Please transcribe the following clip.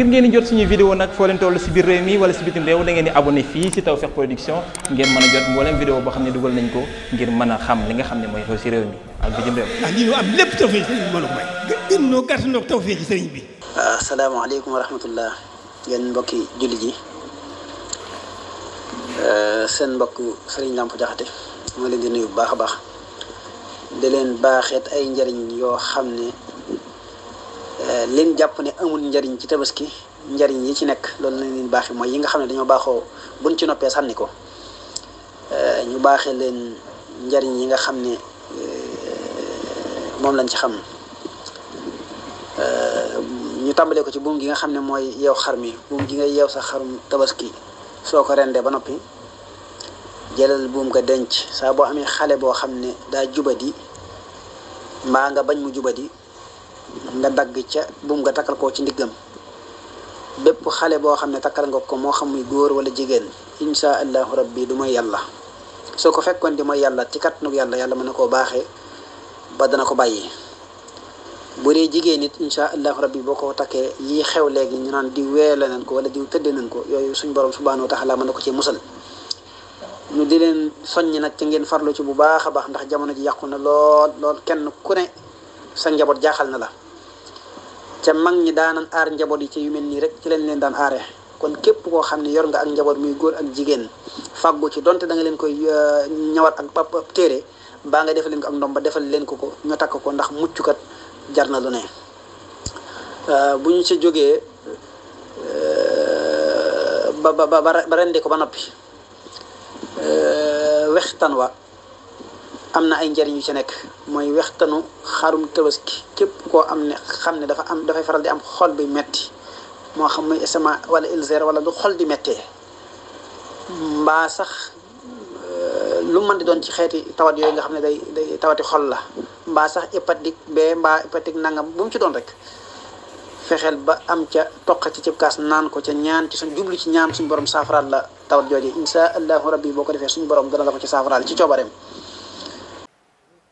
ngir ngeen di jot suñu vidéo nag foo leen toll si biir réew mi wala si bitim réew da ngeen di abonné fii si Tawfekh Production ngeen mën a jot mboolem vidéo boo xam ne dugal nañ ko ngir mën a xam li nga xam ne mooy xew si réew mi ak bitim réew. ndax ah, lii ñu bi mën a may. gën noo gàtt noo Tawfekh sëriñ julli ji seen mbokk sëriñ Lamp Jaxate ma leen di nuyu bu baax a baax di leen baaxeet ay njariñ yoo xam ne leen jàpp ne amul njariñ ci tabaski njariñ yi ci nekk loolu lañ leen baaxee mooy yi nga xam ne dañoo baaxoo buñ ci noppee sànni ko euh, ñu baaxee leen njariñ yi nga xam ne euh, moom lañ ci xam euh, ñu tàmbalee ko ci buum gi nga xam ne mooy yeew xar mi buum gi nga yeew sa xarum tabaski soo ko rendee ba noppi jëlal buum nga denc saa boo amee xale boo xam ne daa jubadi maa nga bañ mu jubadi nga dagg ca buum nga takkal koo ci ndiggam bépp xale boo xam ne takkal nga ko moo xam muy góor wala jigéen insha allahu rabbi du mooy yàlla soo ko fekkoon di mooy yàlla ci kàttanug yàlla yàlla mën na koo baaxee ba dana ko bàyyi bu dee jigéen nit insha allahu bi boo ko takkee yi xew léegi ñu naan di wele nañ ko wala diw tëddee nañ ko yooyu suñ borom subhanahu wa laa mën na ko ci musal ñu di leen soññ nag ci ngeen farlu ci bu baax a baax ndax jamono ji yàqu na lool lool sa njaboot jaaxal na la ca mag ñi daanan aar njaboot yi ci yu mel nii rek ci leen leen daan aare kon képp koo xam ne yor nga ak njaboot muy góor ak jigéen fàggu ci donte da leen koy euh, ñawat ak pap téere baa nga defal leen ko ak ba defal leen ko ko ñu takk ko ndax mucckat jar na lu ne euh, bu ñu ci jógee euh, ba ba ba rendi ko ba noppi wextan wa am na ay njariñ yu ci nekk mooy wextanu xarum tabaski képp koo am ne xam ne dafa am dafay faral di am xol bi metti moo xam ne SMA wala ulcère wala du xol di méttee mbaa sax euh, lu mën di doon ci xeeti tawat yooyu nga xam ne day day tawati xol la mbaa sax hépatique bee mbaa hépatique nangam bu mu ci doon rek fexeel ba am ca toq ci cib kaas naan ko ca ñaan ci suñ jublu ci ñaan suñ borom saafaraal la tawat jooju insha allahu rabbi boo ko defee suñu borom dana la ko ci saafaraal ci coobareem